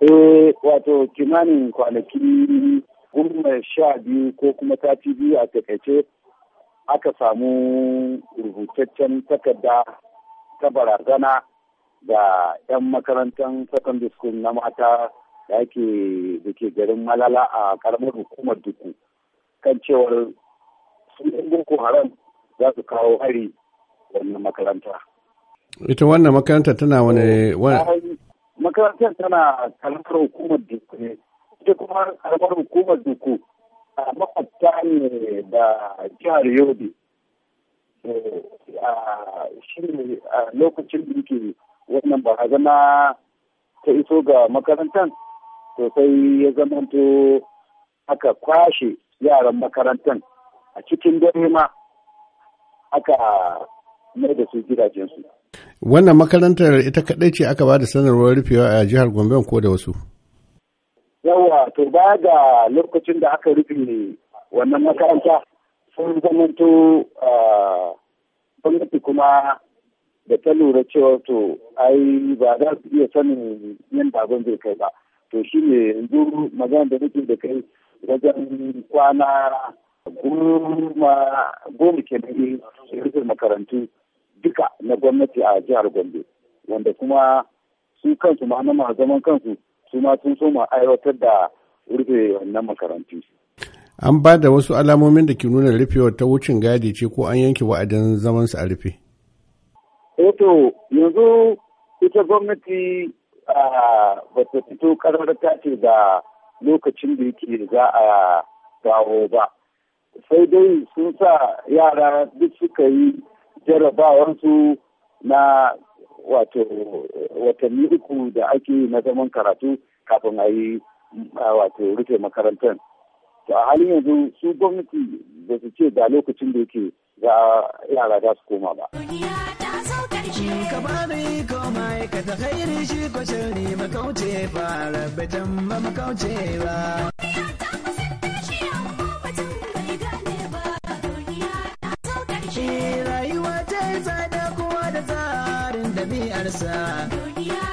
Eh wato kimanin kwanaki goma sha biyu ko kuma ta sati biyu a takaice aka samu rubutaccen takarda ta barazana da 'yan makarantar secondary school na mata da ake da ke garin malala a karamar hukumar duku kan cewar sun boko haram za su kawo hari wannan makaranta. Ita wannan makaranta tana wani makarantar tana karamar hukumar duku ne ita kuma karamar hukumar duku a makwabta ne da jihar yobe shi ne a lokacin da yake wannan barazana ta iso ga makarantar to sai ya zamanto aka kwashe yaran makarantar a cikin dare ma aka mai da su gidajensu. Wannan makarantar ita kadai ce aka ba da sanarwar rufewa a jihar Gombe ko da wasu? Yawa, to ba da lokacin da aka rufe wannan makaranta sun zamanto gwamnati kuma da ta lura cewa to ai ba za su iya sanin yin abin zai kai ba. To shi ne yanzu magana da nake da kai wajen kwana goma kenan eh, rufe makarantu duka na gwamnati a jihar Gombe wanda kuma su kansu ma na zaman kansu su ma sun soma aiwatar da rufe wannan makarantu. An ba da wasu alamomin da ke nuna rufewar ta wucin gadi ce ko an yanke wa'adin zaman su a rufe? Eto eh yanzu ita gwamnati ba ta fito karar ta ce da lokacin da yake za a dawo ba. Sai dai sun sa yara duk suka yi su na wato watanni uku da ake na zaman karatu kafin a yi wato rufe makarantar. To a halin yanzu su gwamnati da su ce da lokacin da yake za yara za su koma ba. zuriyarsa duniya